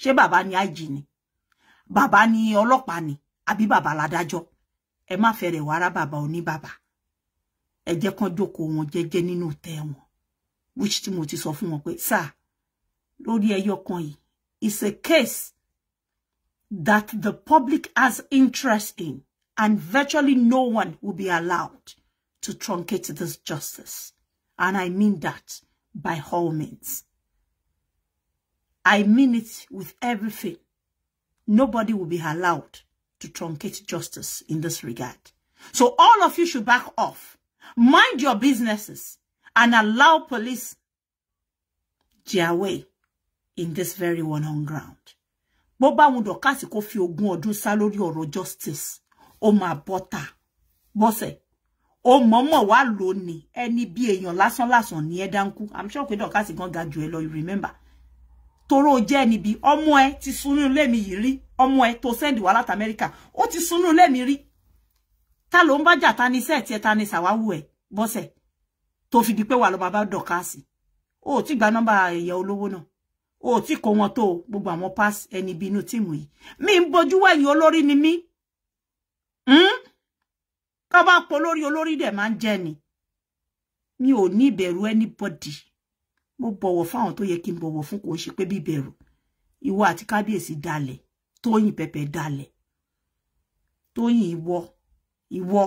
ṣé bàbá ni IG ni bàbá ni ọlọ́pàá ni àbí bàbá ládájọ́ ẹ má fẹ́ rẹ̀ wàrà bàbá oní bàbá ẹ jẹ́ kan jókòó wọn jẹ́jẹ́ nínú tẹ́ wọn which tí mo ti sọ fún wọn pé sáà lórí ẹyọ kan yìí it's a case that the public has interest in and virtually no one will be allowed to truncate this justice. And I mean that by all means. I mean it with everything. Nobody will be allowed to truncate justice in this regard. So all of you should back off. Mind your businesses and allow police their way in this very one on ground. bó bá wọn dọ̀kásì kó fi ogún ọdún sá lórí ọ̀rọ̀ justice ó máa bọ́ta bọ́sẹ̀ ó mọ̀ọ́mọ̀ wá lónìí ẹni bí èèyàn lásán lásán ní ẹ dánkù i'm sure pé dọ̀kásì gan ga jù ẹ lọ you remember toro jẹ́ níbi ọmọ ẹ ti sunú ilé mi yìí rí ọmọ ẹ tó send wá láti Amẹ́ríkà ó ti sunú ilé mi rí ta ló ń bá jà ta ni sẹ́ẹ̀ tiẹ̀ ta ni sàwáwù ẹ bọ́sẹ̀ tó fi di pé wà lọ́ba bá dọ̀kásì ó ti gba nọ́mbà èèyàn olówó náà o ti kó wọn tó gbogbo àwọn pass ẹni bí inú tíìmù yìí mi ń bojú wẹ̀yìn olórí ni mí hmm? tó bá po lórí olórí dẹ̀ máa ń ni mi ò ní ìbẹ̀rù anybody mo bọ̀wọ̀ fáwọn tó yẹ kí n bọ̀wọ̀ fún kò ṣe pé bíbẹ̀rù ìwọ àti kábíyèsí dalẹ̀ tóyìn pẹ̀pẹ̀ iwo. tóyìn ìwọ ìwọ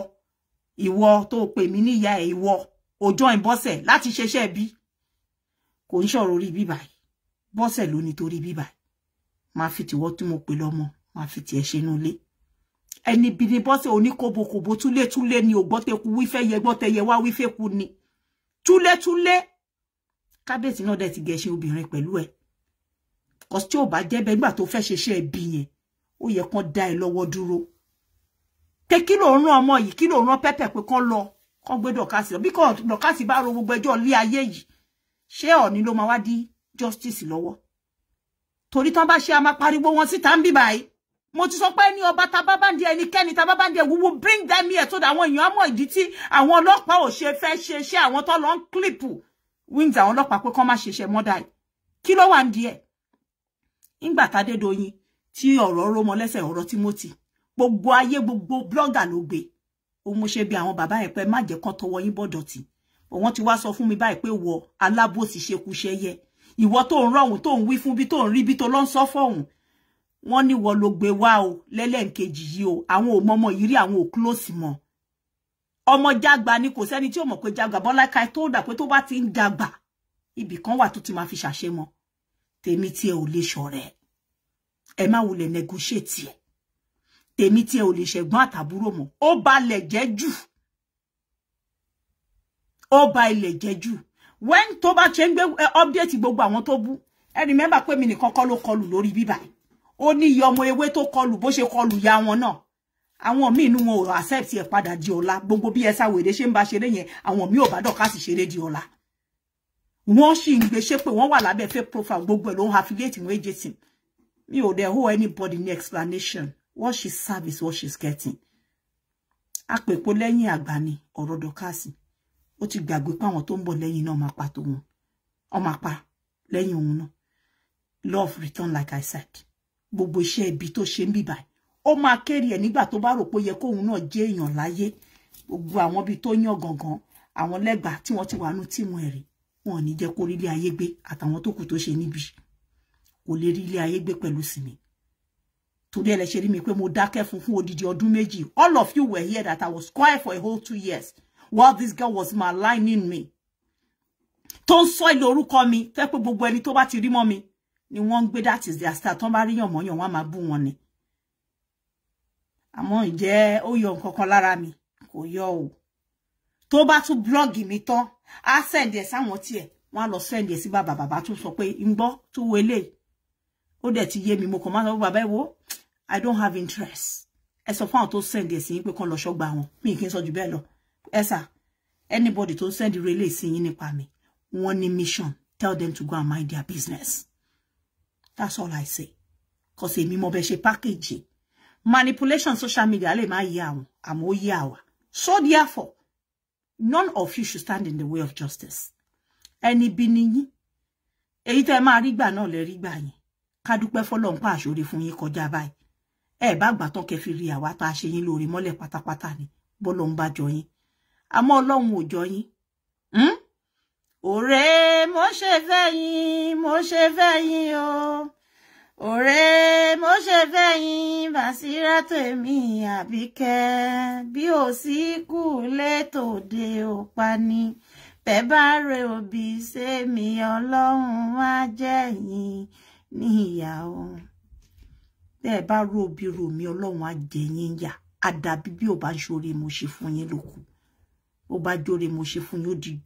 ìwọ tó pè mí níyà ẹ̀ ìwọ òjò ìbọ́sẹ̀ láti ṣeṣẹ́ bí kò ń ṣọ̀rọ̀ orí bíbáyìí bọ́sẹ̀ ló nítorí bíbà máa fi tìwọ́ tí mo pè lọ́mọ máa fi tìẹ ṣe inú ilé ẹni bí ni bọ́sẹ̀ oníkóbokòbo túlétúlé ni ògbọ́tẹ̀kù wífẹ́ yẹ gbọ́tẹ̀yẹ wá wífẹ́ kù ni túlétúlé kábíyèsí náà dẹ̀ ti gẹ̀ẹ́ṣe obìnrin pẹ̀lú ẹ̀ kọ́sí tí ò bá jẹ́ bẹ́ẹ̀ nígbà tó fẹ́ ṣe iṣẹ́ ẹbí yẹn ó yẹ kán dá ẹ lọ́wọ́ dúró pé kí ló ń rán ọmọ yìí kí ló ń rán pẹ́pẹ́ pé kán lọ kán gbé dọ̀kásì lọ bí kò dọ̀kásì bá ro gbogbo ẹjọ́ ilé ayé yìí ṣé ọ̀ní ló máa wá di justice lọ́wọ́ torí tán bá ṣe a máa pariwo wọn síta ń bí báyìí mo ti sọ pé ní ọba ta bá bá ń ta bá bá ń di bring them here so that àwọn èèyàn á mọ̀ ìdí tí àwọn ọlọ́pàá ò ṣe fẹ́ ṣe iṣẹ́ àwọn tó lọ ń clip wings àwọn ọlọ́pàá pé kán má ṣe iṣẹ́ mọ́dà yìí kí ló wà ń di ẹ̀ ńgbà tá dédoyin tí ọ̀rọ̀ rómọ lẹ́sẹ̀ ọ̀rọ̀ Timothy gbogbo ayé gbogbo blogger ló gbé o mo ṣe bí àwọn bàbá yẹn pé má jẹ́ kán tọwọ́ yín bọ̀dọ̀tì wọ́n ti wá sọ fún mi báyìí pé wọ alábòsí ṣekúṣẹ́yẹ ìwọ tó ń rọ̀hún tó ń wí fún bí tó ń rí bí tó lọ ń sọ fọ̀hún wọ́n ní wọ́n ló gbé wá o lẹ́lẹ́ǹkejì yìí o àwọn ò mọmọ yìí rí àwọn ò close mọ́ ọmọ jágba ni kò sẹ́ni tí ò mọ̀ pé jágba bọ́lá ka tó dà pé tó bá ti ń dàgbà ibì kan wà tó ti máa fi ṣàṣemọ́ tèmi tí ẹ ò lè ṣọ̀rẹ́ ẹ má wulẹ̀ negotiate ẹ tèmi tí ẹ ò lè ṣẹ̀gbọ́n àtàbúrò mọ́ ó balẹ̀ jẹ́ jù ó ba ilẹ̀ jẹ́ jù when tó bá ṣe ń gbé eh, update gbogbo àwọn tó bú ẹ remember pé mi nìkan kọ́ ló kọlù lórí bíbà ó ní iye ọmọ ewé tó kọlù bó ṣe kọlù ya wọn náà àwọn míì inú wọn ò accept ẹ padà di ọ̀la gbogbo bí ẹsà wèrè ṣe ń ba ṣeré yẹn àwọn míì ò bá dọ̀kásì ṣeré di ọ̀la wọ́n sì ń gbé ṣépè wọ́n wà lábẹ́ fake profile gbogbo ẹ̀ ló ń affiliate wọn agency mi ò dẹ̀ owe anybody ní explanation what she service what she's getting apèpò lẹ́yìn àgbà ni ọ̀rọ̀ dọ̀kásì ó ti gbàgbé pé àwọn tó ń bọ̀ lẹ́yìn náà máa pa tòun ọ máa pa lẹ́yìn òun náà love return like I said gbogbo iṣẹ́ ibi tó ṣe ń bì báyìí ó máa kéré ẹ̀ nígbà tó bá rò pé ó yẹ kóun náà jẹ́ èèyàn láyé gbogbo àwọn ibi tó yàn gangan àwọn lẹ́gbàá tí wọ́n ti wà nú tíwọn ẹ̀rí wọn ní jẹ́ kó rí ayé gbé àtàwọn tó kù tó ṣe níbi kò lè rí ayé gbé pẹ̀lú sinmi torí ẹ lè ṣe rí mi pé mo dákẹ́ fún fún odidi ọdún méjì all of you were here that I was quiet for a whole two years while this girl was maligning me tó ń sọ ilé orúkọ mi tó pé gbogbo ẹni tó bá ti rí mọ́ mi ni wọ́n ń gbé that is their star tó ń bá ríyàn mọ́yàn wọ́n á máa bú wọn ni àmọ́ ìjẹ́ ó yọ nǹkan kan lára mi kò yọ o tó bá tún blọ́ọ̀gì mi tán á sẹ̀ǹdì ẹ̀ sáwọn tiẹ̀ wọ́n á lọ sẹ̀ǹdì ẹ̀ sí bàbá bàbá tún sọ pé ń gbọ́ tó wo eléyìí ó dẹ̀ ti yé mi mo kàn máa sọ fún wo I don't have interest ẹ sọ fún àwọn tó sẹ̀ǹdì ẹ̀ sí pé kán lọ ṣọ́gbà wọn mi kì í sọ jù bẹ́ẹ̀ lọ ẹsà anybody to send relay sí yín nípa mi wọ́n ní mission tell them to go and mind their business that's all i say cause èmi mọ̀ bẹ́ package manipulation social media lè má yé àwọn àmọ́ so therefore none of you should stand in the way of justice Any bí E ite ma rigba no le rigba ni lè rí gbà yín ká dúpẹ́ fọ́lọ́run pa àṣírí fún yín kọjá báyìí ẹ bá gbà tán kẹ́ fi rí àwa tá a ni bọ́lọ́run bá àmọ́ Ọlọ́run ò jọ yín hmm? òré mo ṣe fẹ́ yín mo ṣe fẹ́ yín o òré mo ṣe fẹ́ yín Bàsírátù èmi Àbíkẹ́ bí ò sí kú létòde ò pa ni bẹ́ẹ̀ bá rẹ òbí sẹ́mi Ọlọ́run wá jẹ́ yín ní ìyàwó bẹ́ẹ̀ bá rú òbí rò mí Ọlọ́run á jẹ yín yà á dàbí bí ò bá ṣoore mo ṣe fún yín lókun bó bá jóre mo ṣe fún yín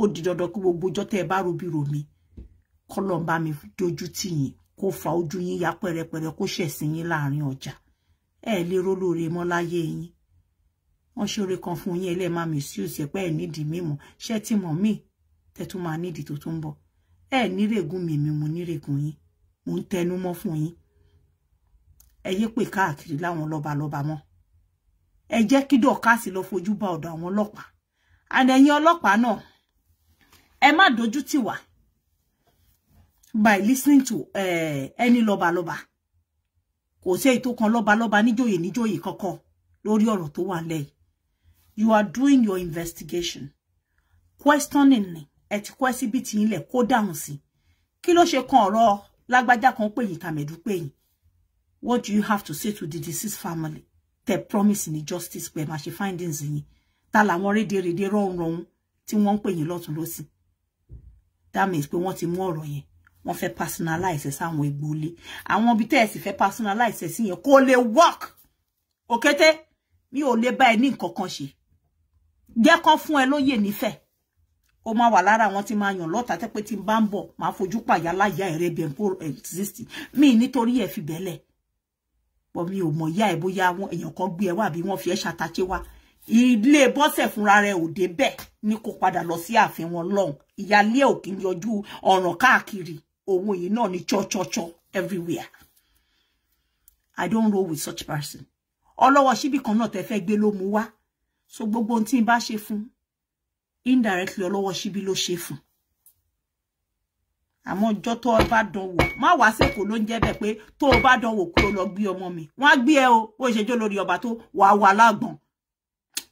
ó di dandan kí gbogbo ọjọ́ tẹ́ ẹ bá robi rò mí kọ́lọ̀ ń bá mi dojú tì yín kó fa ojú yín ya pẹ́rẹpẹ́rẹ kó ṣẹ̀sìn yín láàrin ọjà ẹ lè rólóore mọ́ láyé yín wọ́n ṣe oore kan fún yín ẹlẹ́ẹ̀ máa mi sí òsì pé ẹ nídìí mímọ́ ṣẹ́ tí mọ̀ mí tẹ́ tún máa nídìí tó tún ń bọ̀ ẹ nírègùn mi mo nírègùn yín mo ń tẹnu mọ́ fún yín ẹ yé pè káàkiri láwọn lọ́balọ́ba mọ́ ẹ jẹ́ kí dọ̀kásì lọ fojú bá ọ̀dọ̀ àwọn ọlọ́pàá and ẹ̀yin ọlọ́pàá náà ẹ má dojú tì wá by listening to eh, ẹni lọ́balọ́ba kò sí èyí tó kan lọ́balọ́ba níjòyè níjòyè kankan lórí ọ̀rọ̀ tó wà lẹ́yìn you are doing your investigation questioning ni ẹ ti kọ́ síbi tí ilẹ̀ kó dáhùn sí kí ló ṣe kan ọ̀rọ̀ lágbájá kan pè yín tàmẹ̀dú pè yín what do you have to say to the deceased family tẹ promise ni justice pé máa ṣe findings yín ta làwọn rédèrèdè rọrùn tí wọ́n ń pè yín lọ́tún lọ́sì that means pé wọ́n ti mú ọ̀rọ̀ yẹn wọ́n fẹ́ personalize sáwọn ìgbólé àwọn ibi tẹ́ ẹ sì fẹ́ personalize sí yẹn kó lè work òkété mi ò lè bá ẹ ní nǹkan kan ṣe jẹ́ kán fún ẹ lóyè nífẹ̀ẹ́ ó máa wà lára àwọn tí máa yàn lọ́ta tẹ́ pé tí n bá ń bọ̀ máa fojú pàyà láyà ẹ̀rẹ́ bí ẹ̀mpó exist mi nítorí ẹ̀ fi bẹ́lẹ̀ pọ̀ mi ò mọ̀ ìyá ẹ̀ bóyá àwọn èèyàn kan gbé ẹ wá àbí wọ́n fi ẹ́ ṣàtàché wá ilé bọ́sẹ̀ fúnra rẹ̀ ò débẹ̀ ní kó padà lọ sí ààfin wọn lọ́hùn ìyáálé ò kì í yọjú ọ̀ràn káàkiri òun yìí náà ní chọ́chọ́chọ́ everywhere i don't roll with such person ọlọ́wọ́ síbì kan náà tẹ́ fẹ́ gbé ló mú wá so gbogbo ohun tí n bá ṣe fún indirectly ọlọ́wọ́ síbí ló ṣe fún àmọ́ ọjọ́ tó o bá dánwò má wá sẹ́kọ̀ọ́ ló ń jẹ́ bẹ́ẹ̀ pé tó o bá dánwò kúrò lọ gbé ọmọ mi wọ́n á gbé ẹ o bó ṣe jó lórí ọba tó wàá wà lágbọ̀n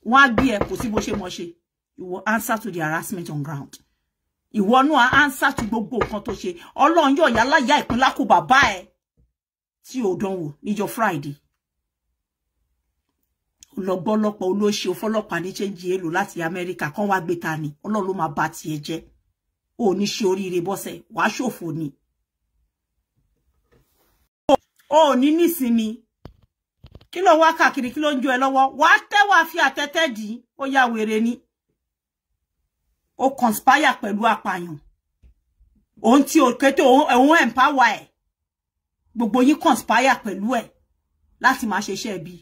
wọ́n á gbé ẹ kò sí bó ṣe mọ̀ ṣe ìwọ answer to the harassment on ground ìwọ náà answer to gbogbo nǹkan tó ṣe Ọlọ́run yóò yá láyà ìpínlá kò bàbá ẹ tí ò dánwò níjọ́ Friday lọgbọlọpọ olóṣè òfọlọpàá ní chẹńjì èlò láti Amẹ́ríkà kan wá gbé ta ni Ọlọ́run ló máa bá tiẹ̀ jẹ́ ò ní ṣe oríire bọ́sẹ̀ wàá ṣòfò ni ò ní nísinmi kí ló wá káàkiri kí ló ń jó ẹ lọ́wọ́ wà á tẹ́ fi àtẹ́tẹ́ dì í ó yá wèrè ni ó conspire pẹ̀lú apààyàn òun tí o kété òun empower ẹ̀ gbogbo yín conspire pẹ̀lú ẹ̀ láti máa ṣeṣẹ́ bí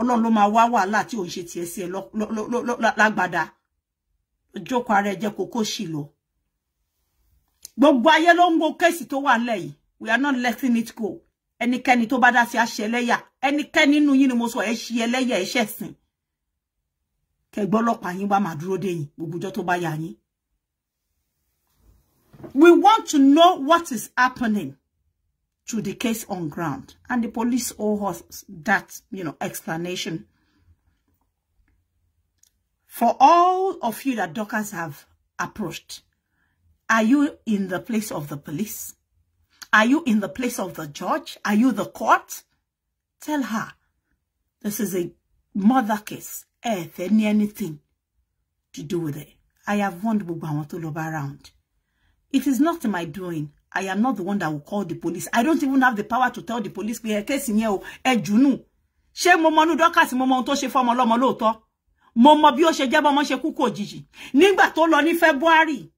ọlọ́run ló máa wá wàhálà tí òun ṣe tiẹ̀ sí ẹ lágbádá jókòó ara ẹ jẹ́ kókó sì lọ gbogbo ayé ló ń wo kéèsì tó wà nílẹ̀ yìí we are not letting it go. tó sí ẹ ẹ yín dé yín tó bá yà yín. We want to know what is happening to the case on ground and the police owe us that you know, explanation. For all of you that Dockers have approached, are you in the place of the police? Are you in the place of the judge? Are you the court? Tell her, this is a mother case. Eh, Any anything to do with it. I have warned Bugbawan to lob around. It is not my doing. I am not the one that will call the police. I don't even have the power to tell the police pé ẹ case yẹn o, ẹ junu. Ṣé mo mọ̀ nu Dorcas mo mọ̀ ohun tó ṣe fọ́mọ lọ́mọ lóòótọ́. Mo mọ̀ bí ó ṣe jẹ́ bọ́mọ February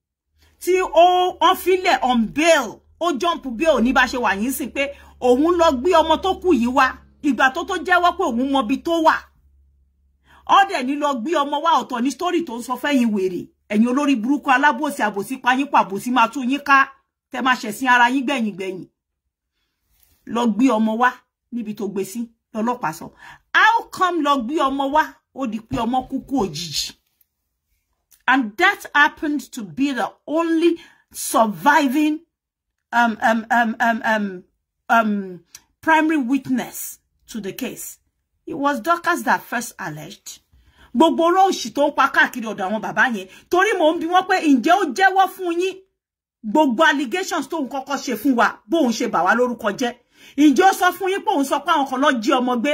Ti o on file on bail ó jọ́ǹpù bí òní bá ṣe wà yín sí pé òun lọ gbé ọmọ tó kù yìí wá ìgbà tó tó jẹ́wọ́ pé òun mọbi tó wà ọ̀dẹ̀ ní lọ gbé ọmọ wá ọ̀tọ̀ ní sítórì tó ń sọ fẹ́yìn wèrè ẹ̀yin olórí burúkú alábòsí àbòsí payín pàbòsí máa tún yín ká tẹ máa ṣẹ̀sìn ara yín gbẹ̀yìn gbẹ̀yìn lọ gbé ọmọ wá níbi tó gbé sí lọ́lọ́pàá sọ how come lọ gbé ọmọ wá ó di pé ọmọ kúkú òjijì and that happened to be the only surviving um, um, um, um, um, um, primary witness to the case. It was Dorcas that first alleged. Gbogbo ọ̀rọ̀ òṣì tó ń pa káàkiri ọ̀dọ̀ àwọn bàbá yẹn torí mò bi wọ́n pé ǹjẹ́ ó jẹ́wọ́ fún yín gbogbo allegations tóun kọ́kọ́ ṣe fún wa bóun ṣe bà wá lórúkọ jẹ́ ǹjẹ́ ó sọ fún yín pé òun sọ pé àwọn kan lọ jí ọmọ gbé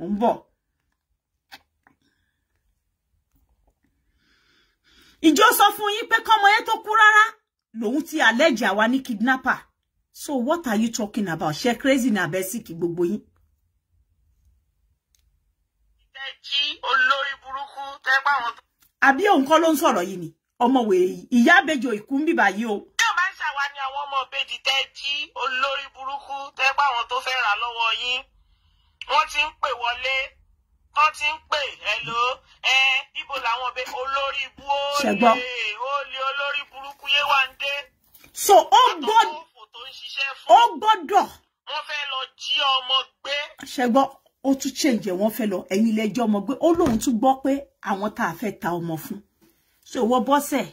mò ń bọ̀. ǹjẹ́ ó sọ fún yín pé kọ́mọ yẹn tó kú rárá lòun ti allege àwa ní kidnapper so what are you talking about She crazy na basic gbogbo yín. ẹ jí olórí burúkú tẹ́ pa àwọn. àbí òun kọ́ ló ń sọ̀rọ̀ ni ọmọ wèrè yìí ìyá àbẹjọ ìkú ń o. bí o bá ń ni àwọn ọmọ ìbejì tẹ́ jí olórí burúkú tẹ́ pa àwọn tó fẹ́ rà lọ́wọ́ yín wọ́n ti ń pè tán ti ń pè ẹ ló ẹ ibo làwọn ọbẹ olórí ibú ó lè olórí burúkú Yéwándé. so ó gbọ́dọ̀ ó gbọ́dọ̀. wọ́n fẹ́ lọ jí ọmọ gbé. ṣẹgbọ́n ó tún change wọ́n fẹ́ lọ ẹ̀yin ilé ẹjọ́ ọmọ gbé ó lóun tún gbọ́ pé àwọn tá a fẹ́ ta ọmọ fún so ìwọ bọ́sẹ̀